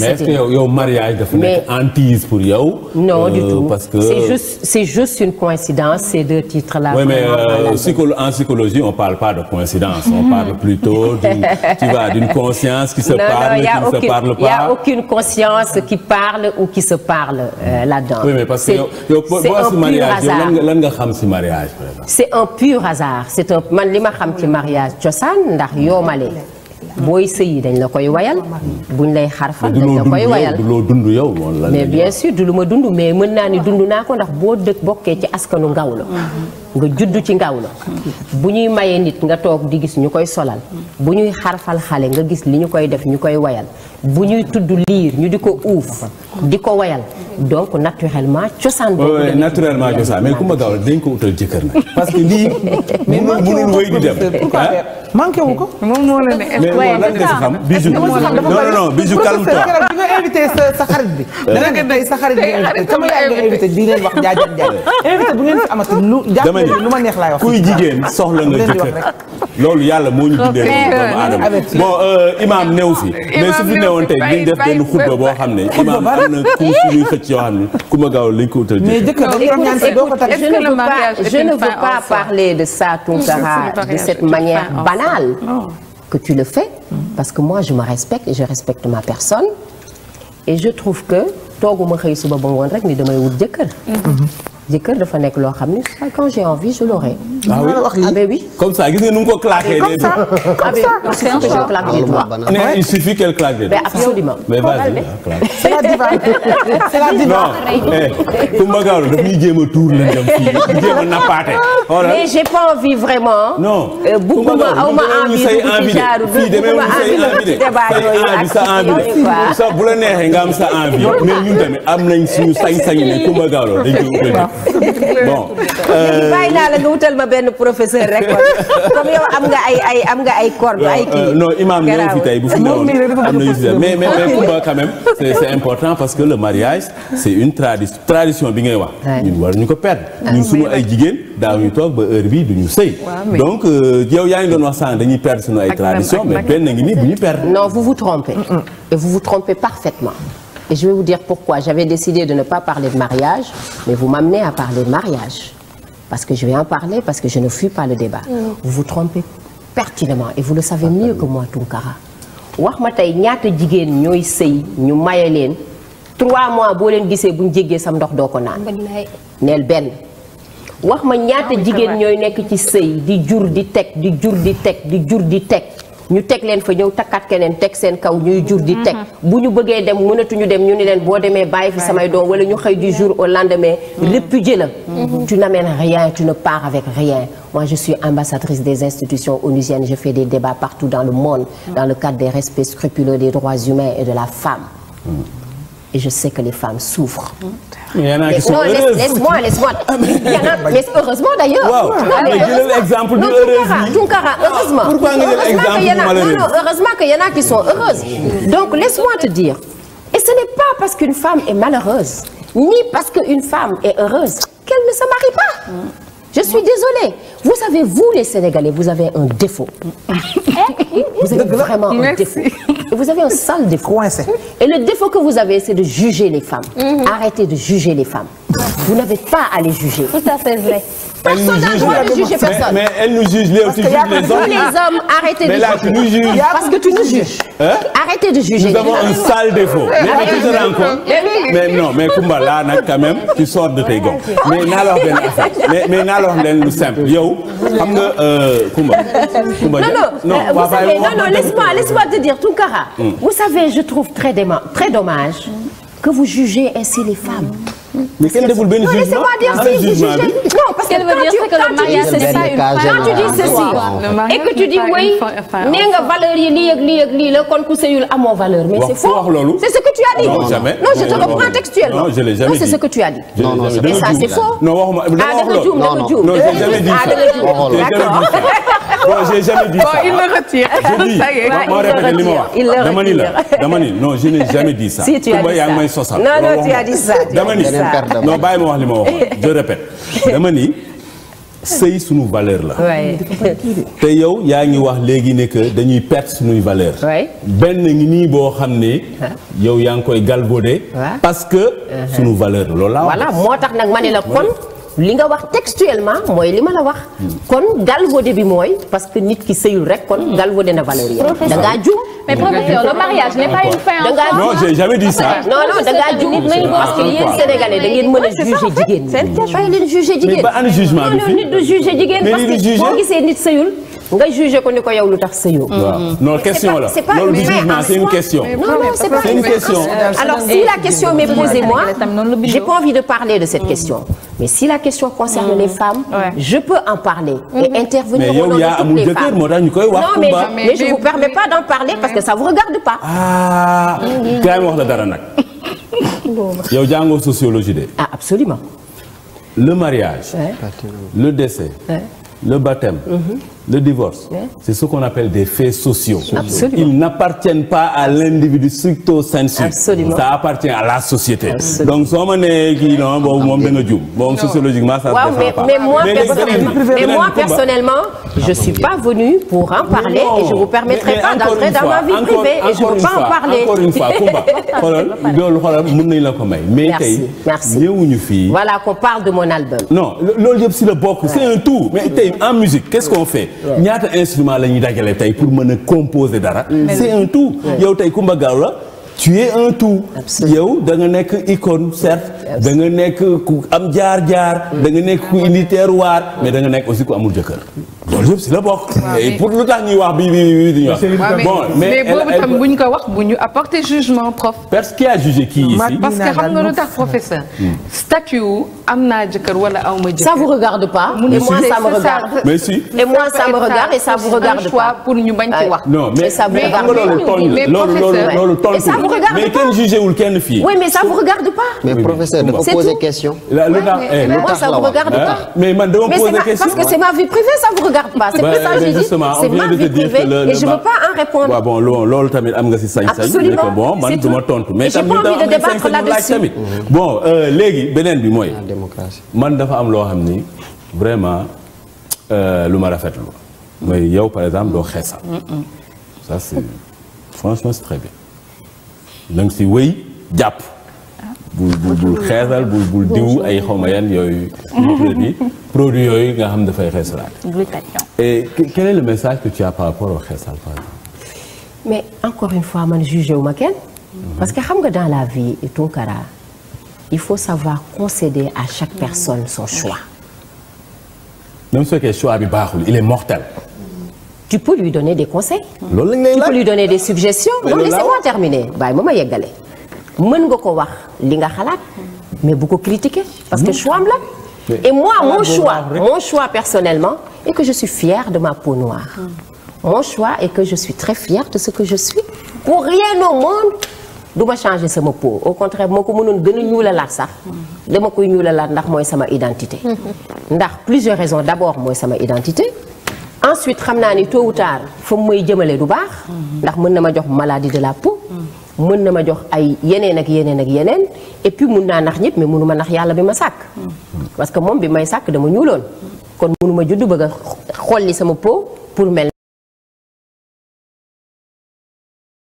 mais est-ce que yow yow mariage dafa nekk hantise pour yow. non euh, du tout parce que c'est juste c'est juste une coïncidence ces deux titres là. oui mais euh, en psychologie on parle pas de coïncidence. on parle mhm. plutôt d'une tu vois d'une conscience qui se parle qui ne se parle pas. y a aucune conscience qui parle ou qui se parle euh, là-dedans. oui mais parce que yow yow si mariage yow lan nga lan nga xam si mariage par exemple. c'est un pur hasard c'est un man li ma xam ci mariage cosaan ndax yoomale. booy yi dañ la koy wayal buñ lay xarfal dañ la koy wayal dund yow mais bien sûr du lu ma dund mais mën naa ni dund naa ko ndax boo dëkk bokkee ci askanu ngaw la nga juddu ci ngaw la bu ñuy mayee nit nga toog di gis ñu koy solal bu ñuy xarfal xale nga gis li ñu koy def ñu koy wayal bu ñuy tudd liir ñu di ko uuf di ko wayal donc naturellement cosaan boobu naturellement cosaan mais ku ma gaaw dañ ko utal jëkkër nag parce que lii mënul mënul wéy di dem manqué wu ko moom moo la ne mais lan nga si xam bijou non non non bijou calme toi di nga invité sa xarit bi euh, dana nga day sa xarit bi invité sama yaay nga invité di leen wax jaajëf jaajëf invité bu ngeen fi amati lu jàpp lu ma neex laay wax kuy jigéen soxla nga jëkkër loolu yàlla moo ñu tuddee doomu aadama bon euh, imam néew fi mais su fi néewoon tey dañ def benn xutba boo xam ne imam am na ku suñuy xëcc ci yoo xam ne ku ma gaaw lañ ko utal mais jëkkër je ne veux pas parler de ça Tounkara de cette manière banale que tu le fais mm. parce que moi je me respecte et je respecte ma personne et je trouve que tooguma xëy suba ba ngoon rek ni damay wut jëkkër mm-hmm. jëkkër dafa nekk loo xam ne quand j'ai envie je l'aurai. ah oui ah oui. comme ça nga nu mu ko claqué. comme ça ah comme ça parce que je ah claque des doigts. il mais absolument. mais vas-y c'est la eh, a tuur la dem fii di jéem nappaate. mais j'ai pas envie vraiment. non Coumba Gawlo bu ma envie fii demee wu ñu say envie de sa bu la neexee nga am sa envie mais ñun tamit am nañ suñu sañ-sañ ne Coumba Gawlo dañ bon euh, bàyyi naa la nga wutal ma benn professeur rek comme yow am ay ay am nga ay cordes ay kii. Euh, non imam ñoo fi tey bu fi newoon am na ñu fi mais mais mais Coumba quand même c'est c'est parce que le mariage c'est une tradition tradition bi ngay wax. ñun war ñu ko perdre. Ah, ñu suñu ay jigéen ñu toog ba heure bi duñu sëy. donc euh, yow yaa ngi doon wax sànq dañuy perdre suñu ay tradition mais benn ngi nii bu ñu perdre. non vous vous trompez. et vous vous trompez parfaitement. Et je vais vous dire pourquoi. J'avais décidé de ne pas parler de mariage, mais vous m'amenez à parler de mariage. Parce que je vais en parler, parce que je ne fuis pas le débat. Mm. Vous vous trompez pertinemment et vous le savez ah, mieux que moi, Tunkara. wax ma tey ñaata jigéen ñooy sëy ñu maye leen trois mois boo leen gisee bu buñ jéggee sam ndox doo ko naan neel benn wax ma ñaata ah jigéen ñooy nekk ci sëy di jur di teg di jur di teg di jur di teg ñu teg leen fa ñëw takkaat keneen teg seen kaw ñuy jur di teg mm-hmm. bu ñu bëggee dem mënatuñu dem ñu ni leen boo demee bàyyi fi samay doom wala ñu xëy du jour au lendemain mm-hmm. répudier la mm-hmm. tu n'amènes rien tu ne pars avec rien moi je suis ambassadrice des institutions onusiennes je fais des débats partout dans le monde dans le cadre des respects scrupuleux des droits humains et de la femme et je sais que les femmes souffrent. il y en a qui sont heureuses laisse-moi laisse-moi. Ah, il y en a mais heureusement d'ailleurs. waaw ah, mais jëlal exemple du heureuse bi Tunkara ah, heureusement. pourquoi nga jël exemple du malheureuse non non heureusement qu'il y en a qui sont heureuses. donc laisse-moi te dire et ce n'est pas parce qu'une femme est malheureuse ni parce qu'une femme est heureuse qu'elle ne se marie pas. je suis désolée vous savez vous les Sénégalais vous avez un défaut. vous avez vraiment un défaut. vous avez un sale défaut. coincé. et le défaut que vous avez c'est de juger les femmes. Mhm. arrêtez de juger les femmes. vous n'avez pas à les juger. Tout à Personne n'a droit de juger personne. Mais, elle nous juge, Léo, tu juges les hommes. les de là, juger. Mais là, tu nous juges. Parce que tu nous juges. Hein? de juger. Nous avons un sale défaut. Mais, mais tu te rends compte. Mais non, non non euh, moi laisse-moi te dire Tounkara. Hmm. vous savez je trouve très dommage que vous jugez ainsi les femmes. mais kenn deful benn jugement benn jugement bi non parce que veut dire que le mariage c'est ça une quand tu dis ceci et que tu dis oui nee nga valeur yi lii ak lii ak lii la kon ku sëyul amoo valeur mais c'est faux c'est ce que tu as dit non je te reprends textuellement non c'est ce que tu as dit et ça c'est faux non waxuma ah da nga juum da nga juum ah da nga juum d'accord bon j'ai jamais dit ça bon il le retire ça y est on répète li ma wax dama ni la dama ni non je n'ai jamais dit ça si tu as dit ça non non tu as dit ça dama ni non bàyyi ma wax li ma wax je répète dama ni sëy sunu valeur la. te yow yaa ngi wax léegi nekk dañuy perte sunuy valeur. benn ngi nii boo xam ne. yow yaa ngi koy galvaudé. parce que uh-huh. sunu valeur la loolu laa. voilà moo tax nag ma la kon. li nga wax textuellement mooy li ma la wax. kon galvaudé bi mooy parce que nit ki sëyul rek kon hmm. galvaudé na valeur yi. da ngaa jum. mais professeur le mariage n'est fin en soi. non j'ai jamais da jum parce que yéen sénégalais da ngeen mën a juger jigéen. fay leen juger jigéen mais jugement nit du juger jigéen. parce que boo gisee nit sëyul. nga jugé ko ni ko yow lu tax sëyoo. waaw hmm. question la loolu du jugement c'est une question. c'est une question alors si la question m'est posée moi j'ai pas envie de parler de cette question. mais si la question concerne mmh. les femmes. Ouais. je peux en parler. Mm-hmm. et intervenir au nom de toutes les femmes mais yow yaa amul jëkkër moo tax ñu koy wax. Kumba non mais je ne vous permets pas d'en parler parce que ça vous regarde pas. ah. kaay ma wax la dara nag. yow jàngoo sociologie de. ah absolument. le mariage. Ouais. le décès. Ouais. le baptême. Mmh. le divorce, oui. c'est ce qu'on appelle des faits sociaux. Ils n'appartiennent pas à l'individu stricto sensu. Absolument. appartient à la société. Absolument. Donc soo ma nee kii non boobu ah. moom da nga jum. bon sociologiquement ça ne se pas. mais moi personnellement je suis pas venue pour en parler et je vous permettrai pas d'entrer dans fois, ma vie encore, privée encore et je veux pas fois, en la ko may. mais tey ñëwuñu fii. voilà qu'on parle de mon album. non loolu yëpp si la bokk c'est un tout. mais en musique qu'est-ce qu'on fait ñaata instrument la ñuy dajale tey pour mën a composé dara mm. c'est un tout yow tey Coumba gaaw la tu un tout yow da nekk icône certes da nga nekk ku am jaar-jaar mm. danga nekk ku indi terroir mais da nekk aussi ku amul jëkkër loolu yëpp si la bokk. et pour lu tax ñuy wax bii bii bii bon mais boobu tam bu ñu ko wax bu ñu apporter jugement prof. parce que qui a jugé kii ici. parce que xam nga lu tax professeur. statut am naa jëkkër wala aw ma jëkkër. ça vous regarde pas. et moi ça me regarde. mais si et moi ça me regarde et ça vous regarde pas. pour ñu bañ ci wax. non mais xam nga loolu tooñ la loolu loolu tooñ la mais kenn jugé wul kenn fii. oui mais ça vous regarde pas. mais professeur dafa poser question. lu eh, tax lu tax la wax mais man dama poser question. parce que c'est ma vie privée ça vous regarde regarde pas c'est pour ça ma loolu tamit am nga si sañ-sañ ne ko bon man du ma tontu mais j'ai pas envie de débattre là tamit mm-hmm. bon euh, léegi beneen bi mooy man dafa am loo xam ni vraiment euh, lu ma rafetlu mooy yow par exemple doo xeesal ça c'est franchement c'est très bien donc si wéy jàpp bul bul bul diw ay xawma yan yooyu. produit yooyu nga xam dafay xeesalaat. et quel est le message que tu as par rapport au xeesal mais encore une fois man jugé wu ma kenn. Mhm. parce que xam nga dans la vie Tounkara il faut savoir concéder à chaque personne son choix. même su fekkee choix bi baaxul il est mortel. Mhm. tu peux lui donner des conseils. loolu la ñu lay tu peux lui donner des suggestions. loolu la laissez-moi terminer bàyyi ma ma yeggale. mën nga ko wax li nga xalaat mais bu ko critiquer parce que mmh. choix am la et moi mon choix mon choix personnellement est que je suis fière de ma peau noire mmh. mon choix est que je suis très fière de ce que je suis pour rien au monde du ma changer sama peau au contraire moo ko mënoon gën a ñuula ñuulalaat sax mmh. dama koy ñuula laat ndax mooy sama identité ndax plusieurs raisons d'abord mooy sama identité ensuite xam naa ni tôt ou tard fa mu may jëmale du baax ndax mën na ma jox maladie de mën na ma jox ay yeneen ak yeneen ak yeneen et puis mun naa nax ñëpp mais mënu ma nax yàlla bi ma sàkk. parce que moom bi may sàkk dama ñuuloon. kon mënu ma judd bëgg a xolli sama po pour mel.